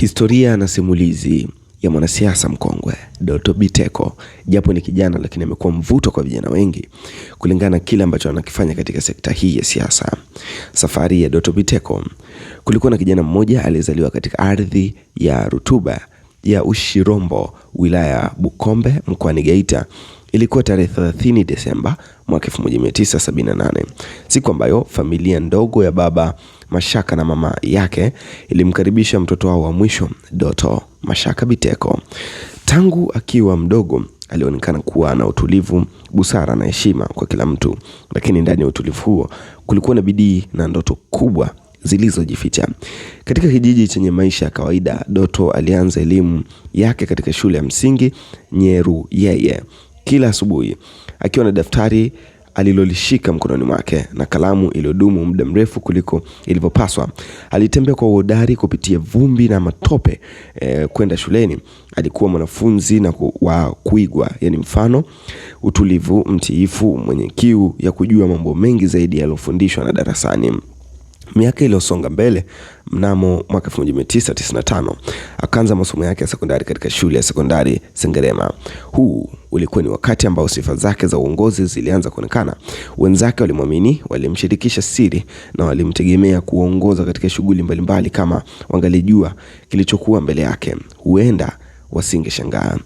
Historia na simulizi ya mwanasiasa mkongwe Doto Biteko. Japo ni kijana, lakini amekuwa mvuto kwa vijana wengi kulingana na kile ambacho anakifanya katika sekta hii ya siasa. Safari ya Doto Biteko. Kulikuwa na kijana mmoja aliyezaliwa katika ardhi ya rutuba ya Ushirombo, wilaya Bukombe, mkoani Geita, Ilikuwa tarehe 30 Desemba mwaka 1978, siku ambayo familia ndogo ya baba Mashaka na mama yake ilimkaribisha mtoto wao wa mwisho Doto Mashaka Biteko. Tangu akiwa mdogo alionekana kuwa na utulivu, busara na heshima kwa kila mtu, lakini ndani ya utulivu huo kulikuwa na bidii na ndoto kubwa zilizojificha. Katika kijiji chenye maisha ya kawaida, Doto alianza elimu yake katika shule ya msingi nyeru yeye kila asubuhi akiwa na daftari alilolishika mkononi mwake na kalamu iliyodumu muda mrefu kuliko ilivyopaswa. Alitembea kwa uhodari kupitia vumbi na matope e, kwenda shuleni. Alikuwa mwanafunzi na wa kuigwa, yani mfano utulivu, mtiifu, mwenye kiu ya kujua mambo mengi zaidi yaliyofundishwa na darasani. Miaka iliyosonga mbele, mnamo mwaka 1995 akaanza masomo yake ya sekondari katika shule ya sekondari Sengerema. Huu ulikuwa ni wakati ambao sifa zake za uongozi zilianza kuonekana. Wenzake walimwamini, walimshirikisha siri na walimtegemea kuongoza katika shughuli mbalimbali. Kama wangalijua kilichokuwa mbele yake, huenda wasingeshangaa.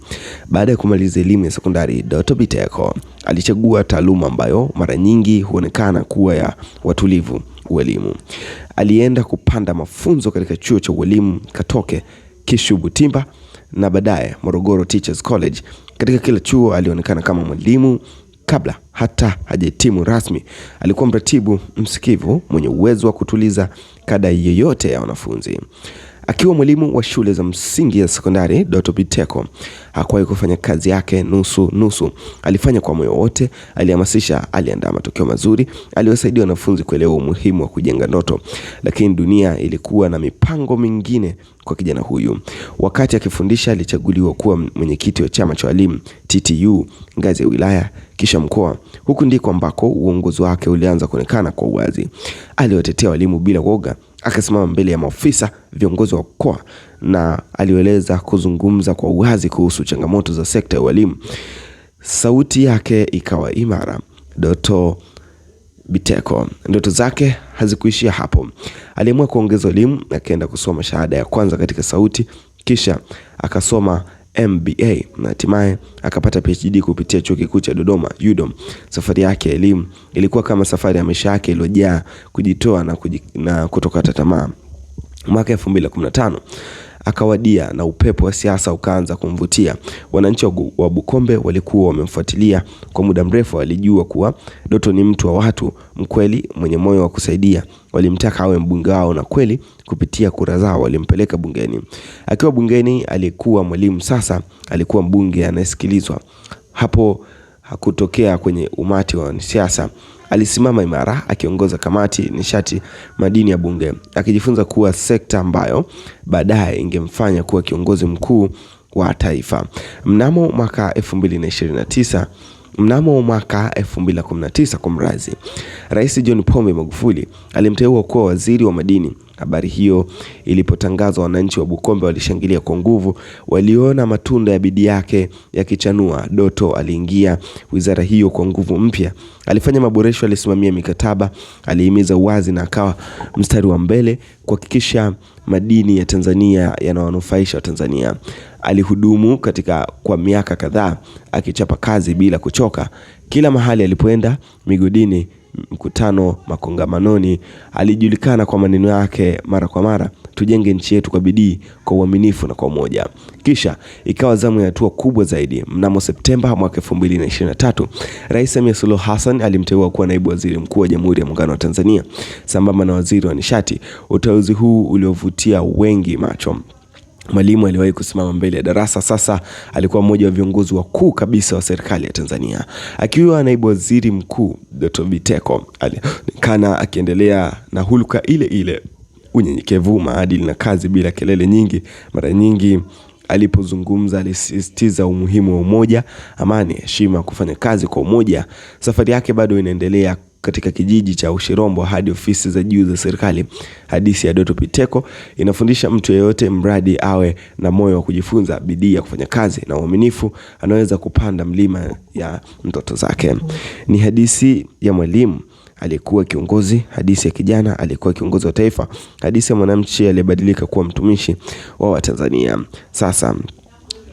Baada ya kumaliza elimu ya sekondari, Dr. Biteko alichagua taaluma ambayo mara nyingi huonekana kuwa ya watulivu ualimu. Alienda kupanda mafunzo katika chuo cha ualimu Katoke Kishubutimba na baadaye Morogoro Teachers College. Katika kila chuo alionekana kama mwalimu kabla hata hajahitimu rasmi. Alikuwa mratibu msikivu mwenye uwezo wa kutuliza kada yoyote ya wanafunzi. Akiwa mwalimu wa shule za msingi ya sekondari, Dr. Biteko hakuwahi kufanya kazi yake nusu nusu. Alifanya kwa moyo wote, alihamasisha, aliandaa matokeo mazuri, aliwasaidia wanafunzi kuelewa umuhimu wa kujenga ndoto. Lakini dunia ilikuwa na mipango mingine kwa kijana huyu. Wakati akifundisha, alichaguliwa kuwa mwenyekiti wa chama cha walimu TTU ngazi ya wilaya, kisha mkoa. Huku ndiko ambako uongozi wake ulianza kuonekana kwa uwazi. Aliwatetea walimu bila woga Akasimama mbele ya maofisa, viongozi wa mkoa na alieleza kuzungumza kwa uwazi kuhusu changamoto za sekta ya ualimu. Sauti yake ikawa imara. Doto Biteko, ndoto zake hazikuishia hapo. Aliamua kuongeza elimu, akaenda kusoma shahada ya kwanza katika sauti, kisha akasoma MBA na hatimaye akapata PhD kupitia chuo kikuu cha Dodoma UDOM. Safari yake ya elimu ilikuwa kama safari ya maisha yake iliyojaa kujitoa na, na kutokata tamaa. Mwaka 2015 akawadia na upepo wa siasa ukaanza kumvutia. Wananchi wa Bukombe walikuwa wamemfuatilia kwa muda mrefu, walijua kuwa Doto ni mtu wa watu, mkweli, mwenye moyo wa kusaidia. Walimtaka awe mbunge wao na kweli, kupitia kura zao walimpeleka bungeni. Akiwa bungeni, alikuwa mwalimu, sasa alikuwa mbunge anayesikilizwa. Hapo hakutokea kwenye umati wa wanasiasa alisimama imara akiongoza kamati nishati madini ya Bunge, akijifunza kuwa sekta ambayo baadaye ingemfanya kuwa kiongozi mkuu wa taifa. Mnamo mwaka 2029 Mnamo mwaka 2019 kwa mrazi, Rais John Pombe Magufuli alimteua kuwa waziri wa madini Habari hiyo ilipotangazwa, wananchi wa Bukombe walishangilia kwa nguvu, waliona matunda ya bidii yake yakichanua. Doto aliingia wizara hiyo kwa nguvu mpya, alifanya maboresho, alisimamia mikataba, alihimiza uwazi na akawa mstari wa mbele kuhakikisha madini ya Tanzania yanawanufaisha Watanzania. Alihudumu katika kwa miaka kadhaa akichapa kazi bila kuchoka, kila mahali alipoenda, migodini mkutano makongamanoni, alijulikana kwa maneno yake mara kwa mara, tujenge nchi yetu kwa bidii, kwa uaminifu na kwa umoja. Kisha ikawa zamu ya hatua kubwa zaidi. Mnamo Septemba mwaka 2023, Rais Samia Suluhu Hassan alimteua kuwa naibu waziri mkuu wa Jamhuri ya Muungano wa Tanzania sambamba na waziri wa nishati. Uteuzi huu uliovutia wengi macho Mwalimu aliwahi kusimama mbele ya darasa, sasa alikuwa mmoja wa viongozi wakuu kabisa wa serikali ya Tanzania. Akiwa naibu waziri mkuu, Dr. Biteko alionekana akiendelea na hulka ile ile, unyenyekevu, maadili na kazi bila kelele nyingi. Mara nyingi Alipozungumza alisisitiza umuhimu wa umoja, amani, heshima, kufanya kazi kwa umoja. Safari yake bado inaendelea katika kijiji cha Ushirombo hadi ofisi za juu za serikali. Hadithi ya Doto Biteko inafundisha mtu yeyote, mradi awe na moyo wa kujifunza, bidii ya kufanya kazi na uaminifu, anaweza kupanda mlima ya ndoto zake. Ni hadithi ya mwalimu aliyekuwa kiongozi, hadithi ya kijana aliyekuwa kiongozi wa taifa, hadithi ya mwanamchi aliyebadilika kuwa mtumishi wa Watanzania. Sasa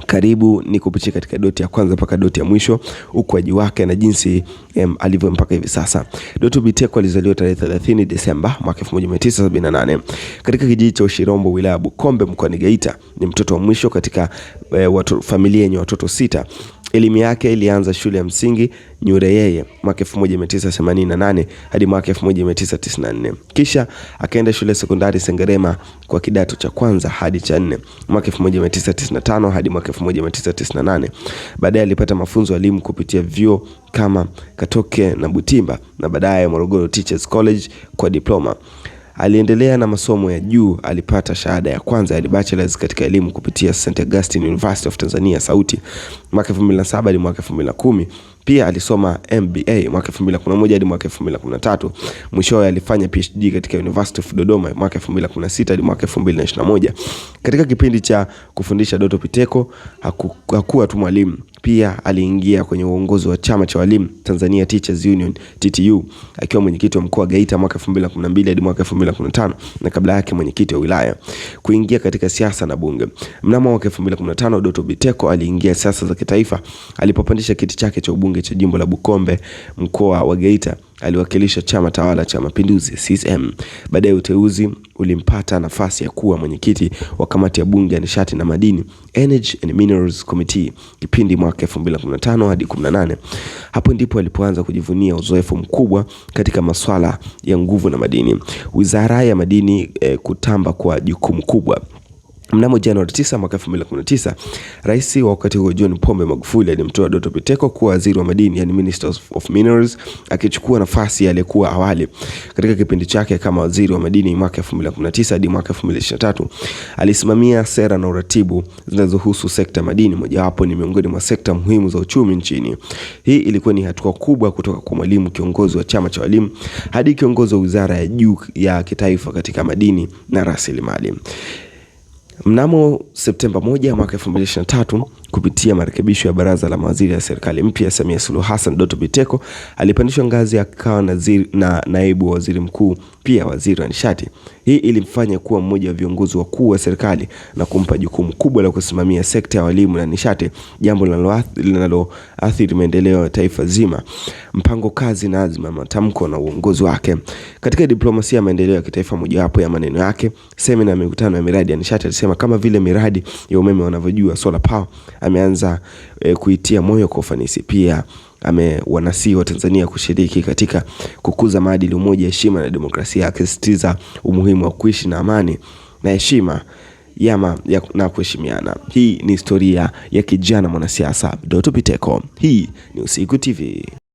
karibu ni kupitia katika doti ya kwanza mpaka doti ya mwisho, ukuaji wake na jinsi alivyo mpaka hivi sasa. Doto Biteko alizaliwa tarehe 30 Desemba mwaka 1978 katika kijiji cha Ushirombo, wilaya ya Bukombe, mkoani Geita. Ni mtoto wa mwisho katika e, watu, familia yenye watoto sita. Elimu yake ilianza shule ya msingi Nyureyeye mwaka 1988 hadi mwaka 1994. Kisha akaenda shule sekondari Sengerema kwa kidato cha kwanza hadi cha nne mwaka 1995 hadi mwaka 1998. Baadaye alipata mafunzo elimu kupitia vyuo kama Katoke na Butimba na baadaye Morogoro Teachers College kwa diploma. Aliendelea na masomo ya juu, alipata shahada ya kwanza ya bachelor's katika elimu kupitia St. Augustine University of Tanzania Sauti mwaka 2007 hadi mwaka 2010. Pia alisoma MBA mwaka 2011 hadi mwaka 2013. Mwishowe alifanya PhD katika University of Dodoma mwaka 2016 hadi mwaka 2021. Katika kipindi cha kufundisha, Doto Biteko haku, hakuwa tu mwalimu, pia aliingia kwenye uongozi wa chama cha walimu Tanzania Teachers Union TTU, akiwa mwenyekiti wa mkoa wa Geita mwaka 2012 hadi mwaka 2015 na kabla yake mwenyekiti wa wilaya. Kuingia katika siasa na bunge. Mnamo mwaka 2015 Doto Biteko aliingia siasa za kitaifa alipopandisha kiti chake cha ubunge bunge cha jimbo la Bukombe mkoa wa Geita aliwakilisha chama tawala cha Mapinduzi CCM. Baadaye uteuzi ulimpata nafasi ya kuwa mwenyekiti wa kamati ya bunge ya nishati na madini Energy and Minerals Committee kipindi mwaka 2015 hadi 18. Hapo ndipo alipoanza kujivunia uzoefu mkubwa katika masuala ya nguvu na madini. Wizara ya madini eh, kutamba kwa jukumu kubwa Mnamo Januari 9 mwaka 2019, rais wa wakati huo John Pombe Magufuli alimtoa Doto Biteko kuwa waziri wa madini, yani Minister of Minerals, akichukua nafasi aliyekuwa awali. Katika kipindi chake kama waziri wa madini mwaka 2019 hadi mwaka 2023, alisimamia sera na uratibu zinazohusu sekta madini, mojawapo ni miongoni mwa sekta muhimu za uchumi nchini. Hii ilikuwa ni hatua kubwa kutoka kwa mwalimu, kiongozi wa chama cha walimu, hadi kiongozi wa wizara ya juu ya kitaifa katika madini na rasilimali. Mnamo Septemba 1 mwaka 2023 kupitia marekebisho ya baraza la mawaziri ya serikali mpya, Samia Suluhu Hassan Doto Biteko alipandishwa ngazi akawa na naibu waziri mkuu, pia waziri wa nishati. Hii ilimfanya kuwa mmoja wa viongozi wakuu wa serikali na kumpa jukumu kubwa la kusimamia sekta ya walimu na nishati, jambo linaloathiri maendeleo ya taifa zima, mpango kazi na azima, matamko na uongozi wake katika diplomasia ya maendeleo ya kitaifa. Mojawapo ya maneno yake semina ya mikutano ya miradi ya nishati alisema kama vile miradi ya umeme wanavyojua solar power ameanza e, kuitia moyo kwa ufanisi. Pia amewanasihi tanzania kushiriki katika kukuza maadili, umoja, heshima na demokrasia, akisisitiza umuhimu wa kuishi na amani na heshima yama ya, na kuheshimiana. Hii ni historia ya kijana mwanasiasa Doto Biteko. Hii ni Usiku TV.